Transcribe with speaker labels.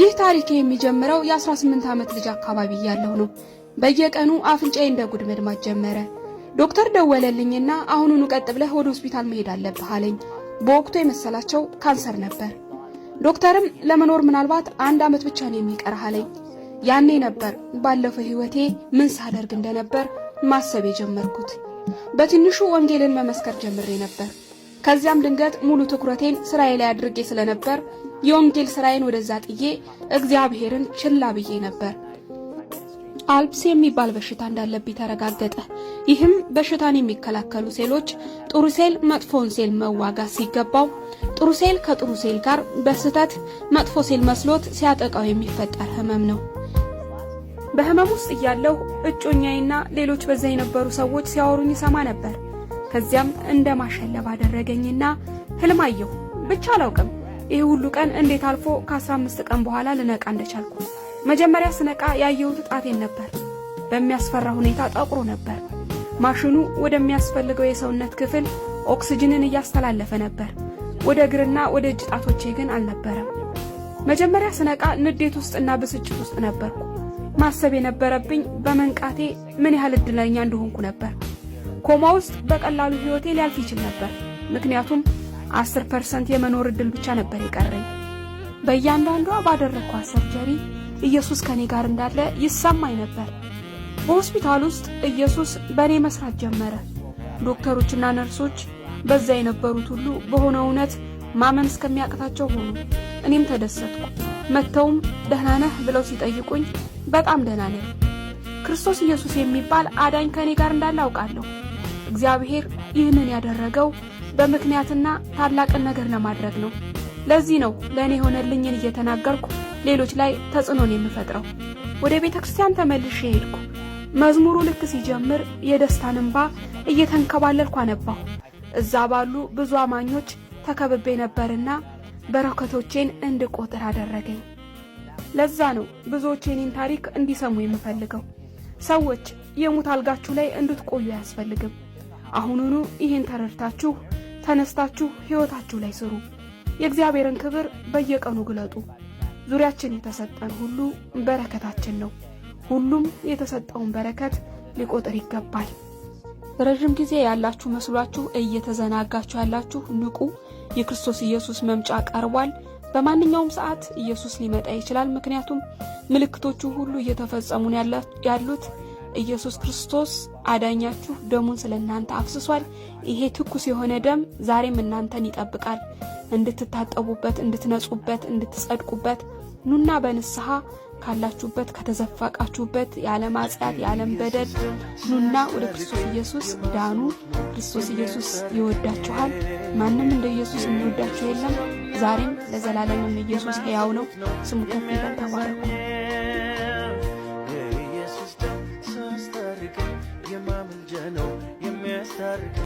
Speaker 1: ይህ ታሪክ የሚጀምረው የ18 ዓመት ልጅ አካባቢ እያለሁ ነው። በየቀኑ አፍንጫዬ እንደ ጉድ መድማት ጀመረ። ዶክተር ደወለልኝና አሁኑኑ ቀጥ ብለህ ወደ ሆስፒታል መሄድ አለብህ አለኝ። በወቅቱ የመሰላቸው ካንሰር ነበር። ዶክተርም ለመኖር ምናልባት አንድ ዓመት ብቻ ነው የሚቀርህ አለኝ። ያኔ ነበር ባለፈው ህይወቴ ምን ሳደርግ እንደነበር ማሰብ የጀመርኩት። በትንሹ ወንጌልን መመስከር ጀምሬ ነበር። ከዚያም ድንገት ሙሉ ትኩረቴን ስራዬ ላይ አድርጌ ስለነበር የወንጌል ስራዬን ወደዛ ጥዬ እግዚአብሔርን ችላ ብዬ ነበር። አልፕስ የሚባል በሽታ እንዳለብኝ ተረጋገጠ። ይህም በሽታን የሚከላከሉ ሴሎች ጥሩ ሴል መጥፎን ሴል መዋጋት ሲገባው ጥሩ ሴል ከጥሩ ሴል ጋር በስህተት መጥፎ ሴል መስሎት ሲያጠቃው የሚፈጠር ህመም ነው። በህመም ውስጥ እያለሁ እጮኛዬና ሌሎች በዛ የነበሩ ሰዎች ሲያወሩኝ ሰማ ነበር። ከዚያም እንደ ማሸለብ አደረገኝና ህልም አየሁ። ብቻ አላውቅም ይህ ሁሉ ቀን እንዴት አልፎ ከ15 ቀን በኋላ ልነቃ እንደቻልኩ። መጀመሪያ ስነቃ ያየሁት ጣቴን ነበር። በሚያስፈራ ሁኔታ ጠቁሮ ነበር። ማሽኑ ወደሚያስፈልገው የሰውነት ክፍል ኦክስጅንን እያስተላለፈ ነበር። ወደ እግርና ወደ እጅ ጣቶቼ ግን አልነበረም። መጀመሪያ ስነቃ ንዴት ውስጥና ብስጭት ውስጥ ነበርኩ። ማሰብ የነበረብኝ በመንቃቴ ምን ያህል እድለኛ እንደሆንኩ ነበር። ኮማ ውስጥ በቀላሉ ሕይወቴ ሊያልፍ ይችል ነበር ምክንያቱም አስር ፐርሰንት የመኖር እድል ብቻ ነበር የቀረኝ። በእያንዳንዷ ባደረግኳት ሰርጀሪ ኢየሱስ ከእኔ ጋር እንዳለ ይሰማኝ ነበር። በሆስፒታል ውስጥ ኢየሱስ በእኔ መስራት ጀመረ። ዶክተሮችና ነርሶች በዛ የነበሩት ሁሉ በሆነ እውነት ማመን እስከሚያቅታቸው ሆኑ። እኔም ተደሰትኩ። መጥተውም ደህና ነህ ብለው ሲጠይቁኝ በጣም ደህና ነኝ፣ ክርስቶስ ኢየሱስ የሚባል አዳኝ ከእኔ ጋር እንዳለ አውቃለሁ። እግዚአብሔር ይህንን ያደረገው በምክንያትና ታላቅን ነገር ለማድረግ ነው። ለዚህ ነው ለእኔ የሆነልኝን እየተናገርኩ ሌሎች ላይ ተጽዕኖን የምፈጥረው። ወደ ቤተ ክርስቲያን ተመልሼ ሄድኩ። መዝሙሩ ልክ ሲጀምር የደስታን እንባ እየተንከባለልኩ አነባሁ። እዛ ባሉ ብዙ አማኞች ተከብቤ ነበርና በረከቶቼን እንድቆጥር አደረገኝ። ለዛ ነው ብዙዎች የኔን ታሪክ እንዲሰሙ የምፈልገው። ሰዎች የሙት አልጋችሁ ላይ እንድትቆዩ አያስፈልግም። አሁኑኑ ይህን ተረድታችሁ ተነስታችሁ ሕይወታችሁ ላይ ስሩ። የእግዚአብሔርን ክብር በየቀኑ ግለጡ። ዙሪያችን የተሰጠን ሁሉ በረከታችን ነው። ሁሉም የተሰጠውን በረከት ሊቆጥር ይገባል። ረዥም ጊዜ ያላችሁ መስሏችሁ እየተዘናጋችሁ ያላችሁ ንቁ። የክርስቶስ ኢየሱስ መምጫ ቀርቧል። በማንኛውም ሰዓት ኢየሱስ ሊመጣ ይችላል። ምክንያቱም ምልክቶቹ ሁሉ እየተፈጸሙ ያሉት ኢየሱስ ክርስቶስ አዳኛችሁ ደሙን ስለ እናንተ አፍስሷል። ይሄ ትኩስ የሆነ ደም ዛሬም እናንተን ይጠብቃል። እንድትታጠቡበት፣ እንድትነጹበት፣ እንድትጸድቁበት ኑና በንስሐ ካላችሁበት ከተዘፈቃችሁበት የዓለም ኃጢአት የዓለም በደል ኑና ወደ ክርስቶስ ኢየሱስ ዳኑ። ክርስቶስ ኢየሱስ ይወዳችኋል። ማንም እንደ ኢየሱስ የሚወዳችሁ የለም። ዛሬም ለዘላለምም ኢየሱስ ሕያው ነው። ስሙ ከፍ ይበል። ተባረኩ። Sarga.